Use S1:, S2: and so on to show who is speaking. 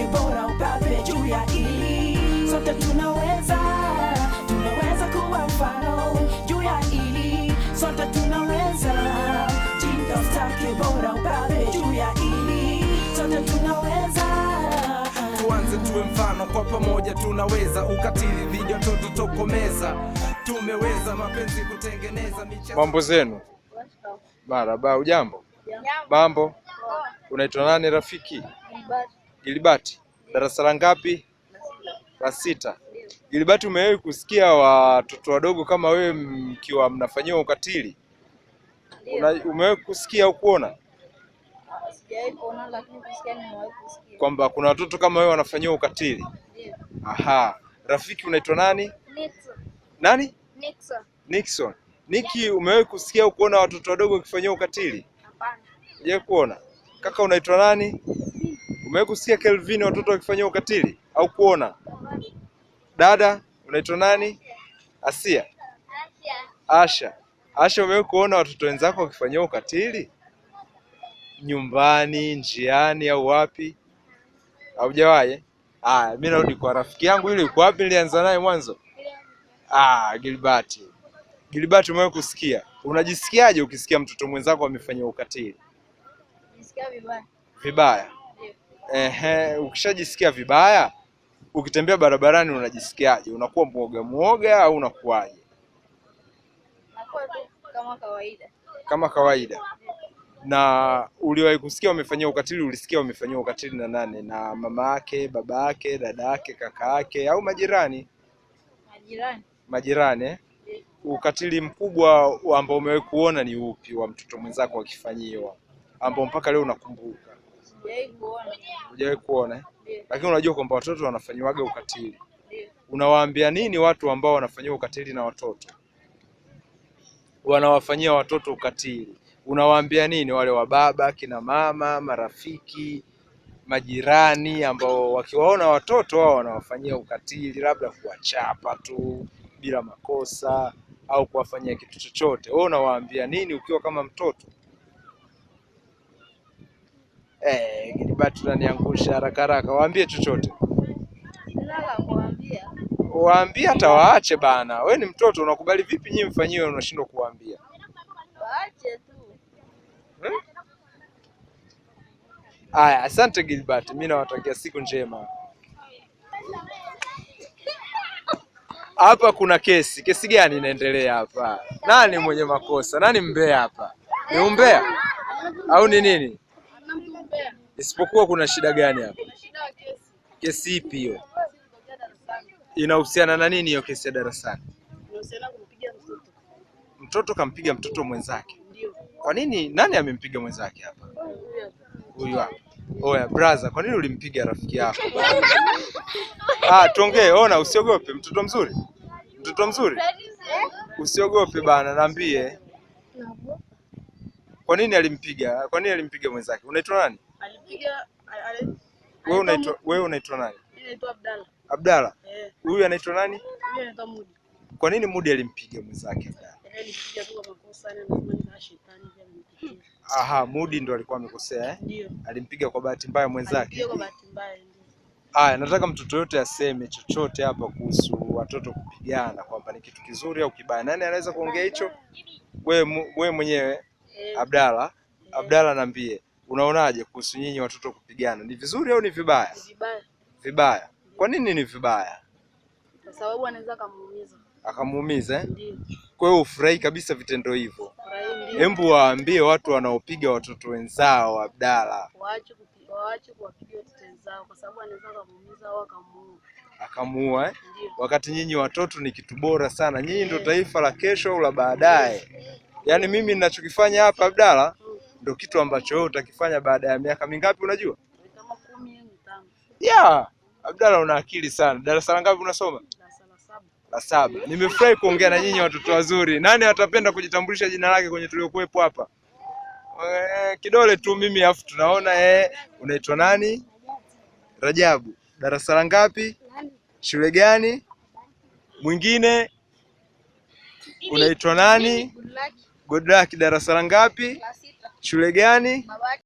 S1: bora ubabe juu ya ili, sote tunaweza, tunaweza kuwa mfano juu ya ili, sote tunaweza, jinga ustaki bora ubabe juu ya ili, sote tunaweza tuanze tuwe mfano kwa pamoja, tunaweza ukatili dhidi ya watoto tokomeza, tumeweza mapenzi kutengeneza michezo. Mambo zenu barabara, ujambo mambo, unaitwa nani rafiki? gilibati darasa la ngapi? La sita. gilibati umewahi kusikia watoto wadogo kama wewe mkiwa mnafanyiwa ukatili? Umewahi kusikia au kuona kwamba kuna watoto kama wewe wanafanyiwa ukatili? Aha, rafiki unaitwa nani? Nixon. Nani? Nixon. Nixon. Niki, umewahi kusikia au kuona watoto wadogo wakifanyiwa ukatili? Hapana. Je, kuona? Kaka unaitwa nani? Umewahi kusikia Kelvin watoto wakifanyia ukatili au kuona? Dada unaitwa nani? Asia, Asha, Asha, umewahi kuona watoto wenzako wakifanyia ukatili nyumbani, njiani au wapi? Haujawahi? Ah, mimi narudi kwa rafiki yangu yule. Yuko wapi? Nilianza naye mwanzo. Ah, Gilbert. Gilbert, umewahi kusikia? Unajisikiaje ukisikia mtoto mwenzako amefanyia ukatili?
S2: Nisikia vibaya.
S1: Vibaya ehe, ukishajisikia vibaya, ukitembea barabarani unajisikiaje? Unakuwa mwoga mwoga au unakuwaje?
S2: Kama kawaida,
S1: kama kawaida. Na uliwahi kusikia wamefanyia ukatili? Ulisikia wamefanyia ukatili na nani? Na mama yake, baba yake, dada yake, kaka yake au majirani? Majirani, majirani eh? Ukatili mkubwa ambao umewahi kuona ni upi wa mtoto mwenzako akifanyiwa ambao mpaka leo unakumbuka? Hujawahi kuona, eh? lakini unajua kwamba watoto wanafanyiwaga ukatili. Unawaambia nini watu ambao wanafanyiwa ukatili na watoto, wanawafanyia watoto ukatili? Unawaambia nini wale wa baba, kina mama, marafiki, majirani ambao wakiwaona watoto wao wanawafanyia ukatili, labda kuwachapa tu bila makosa au kuwafanyia kitu chochote, wewe unawaambia nini ukiwa kama mtoto? Eh, Gilbert unaniangusha haraka haraka. Waambie chochote. Waambie hata waache bana. We ni mtoto unakubali vipi nyinyi mfanyiwe unashindwa kuwaambia?
S2: Waache hmm? tu.
S1: Aya, Asante Gilbert. Mimi nawatakia siku njema. Hapa kuna kesi. Kesi gani inaendelea hapa? Nani mwenye makosa? Nani mbea hapa? Ni umbea au ni nini? Isipokuwa kuna shida gani hapa? Kesi ipi hiyo? Inahusiana na nini hiyo kesi ya darasani? Mtoto kampiga mtoto mwenzake. Kwa nini? Nani amempiga mwenzake hapa? Huyu hapa. Oya brother, kwa nini ulimpiga rafiki yako? Ah, tuongee. Ona, usiogope. Mtoto mzuri, mtoto mzuri, usiogope bana, naambie kwa nini alimpiga? Kwa nini alimpiga mwenzake? Unaitwa nani?
S3: Alipiga
S1: wewe unaitwa wewe unaitwa nani? Naitwa Abdalla. Abdalla. Eh. Huyu Anaitwa nani? Mimi anaitwa Mudi. Kwa nini Mudi alimpiga mwenzake Abdalla? Eh, Aha, Mudi ndo alikuwa amekosea eh? Ndio. Alimpiga kwa bahati mbaya mwenzake. Haya, nataka mtoto yote aseme chochote hapa kuhusu watoto kupigana kwamba ni kitu kizuri au kibaya. Nani anaweza kuongea hicho? Wewe mwenyewe Abdalla, Abdalla nambie, unaonaje kuhusu nyinyi watoto kupigana, ni vizuri au ni vibaya? Vibaya. Vibaya. Kwa nini ni vibaya?
S4: Kwa sababu anaweza akamuumiza.
S1: Akamuumiza? Eh? Ndiyo. Kwa hiyo ufurahi kabisa vitendo hivyo. Hebu waambie watu wanaopiga watoto wenzao Abdalla.
S4: Waache waache kuwapiga watoto wenzao kwa sababu anaweza akamuumiza au akamuua.
S1: Akamuua eh? Wakati nyinyi watoto ni kitu bora sana. Nyinyi ndio taifa la kesho au la baadaye. Yaani mimi ninachokifanya hapa Abdalla ndo kitu ambacho wewe utakifanya baada ya miaka mingapi unajua?
S4: Kama kumi
S1: Yeah, Abdalla una akili sana. Darasa la ngapi unasoma? Darasa la saba. Nimefurahi kuongea na nyinyi watoto wazuri. Nani atapenda kujitambulisha jina lake kwenye tuliokuwepo hapa? Eh, kidole tu mimi afu tunaona eh, unaitwa nani? Rajabu. Darasa la ngapi? Shule gani? Mwingine unaitwa nani? Goodluck darasa la ngapi? Shule gani?